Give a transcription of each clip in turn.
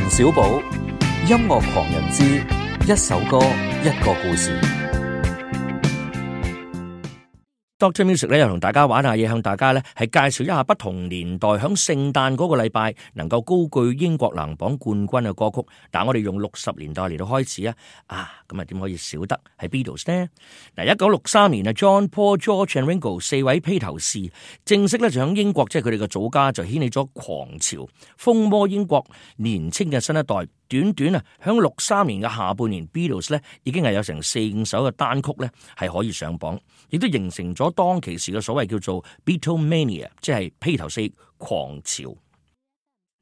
陳少寶，音樂狂人之一首歌，一個故事。Doctor Music 咧，又同大家玩下嘢，向大家咧係介紹一下不同年代響聖誕嗰個禮拜能夠高踞英國能榜冠軍嘅歌曲。但係我哋用六十年代嚟到開始啊，啊咁啊點可以少得係 Beatles 呢？嗱，一九六三年啊，John、Paul、George、and Ringo 四位披頭士正式咧就響英國，即係佢哋嘅祖家，就掀起咗狂潮，風魔英國年青嘅新一代。短短啊，喺六三年嘅下半年，Beatles 咧已經係有成四五首嘅單曲咧係可以上榜，亦都形成咗當其時嘅所謂叫做 Beatlemania，即係披頭四狂潮。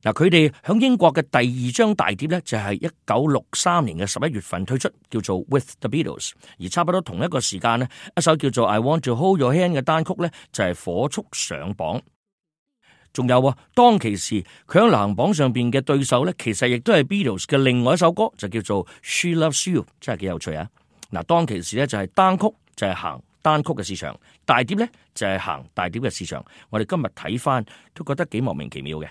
嗱，佢哋喺英國嘅第二張大碟咧就係一九六三年嘅十一月份推出，叫做 With the Beatles。而差不多同一個時間咧，一首叫做 I Want to Hold Your Hand 嘅單曲咧就係火速上榜。仲有，當其時佢喺排行榜上邊嘅對手咧，其實亦都係 Beatles 嘅另外一首歌，就叫做 She Loves You，真係幾有趣啊！嗱，當其時咧就係單曲就係行單曲嘅市場，大碟咧就係行大碟嘅市場，我哋今日睇翻都覺得幾莫名其妙嘅。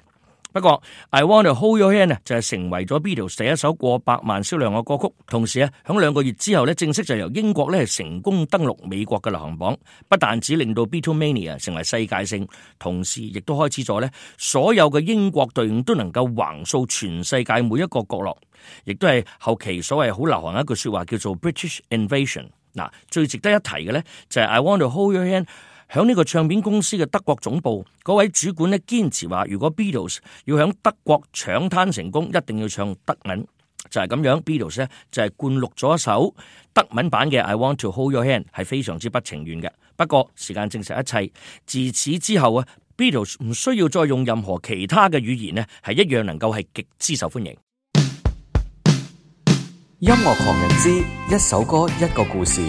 不過 I want to hold your hand 啊，就係成為咗 Beatles 第一首過百萬銷量嘅歌曲，同時啊響兩個月之後咧，正式就由英國咧成功登陸美國嘅流行榜，不但只令到 Beatlemania 成為世界性，同時亦都開始咗咧所有嘅英國隊伍都能夠橫掃全世界每一個角落，亦都係後期所謂好流行一句說話叫做 British invasion。嗱，最值得一提嘅呢，就係，就係 I want to hold your hand。喺呢個唱片公司嘅德國總部，嗰位主管呢堅持話，如果 Beatles 要喺德國搶灘成功，一定要唱德文就係咁樣。Beatles 呢就係灌錄咗一首德文版嘅《I Want to Hold Your Hand》，係非常之不情願嘅。不過時間證實一切，自此之後啊，Beatles 唔需要再用任何其他嘅語言呢係一樣能夠係極之受歡迎。音樂狂人之一首歌一個故事，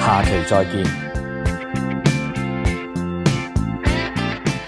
下期再見。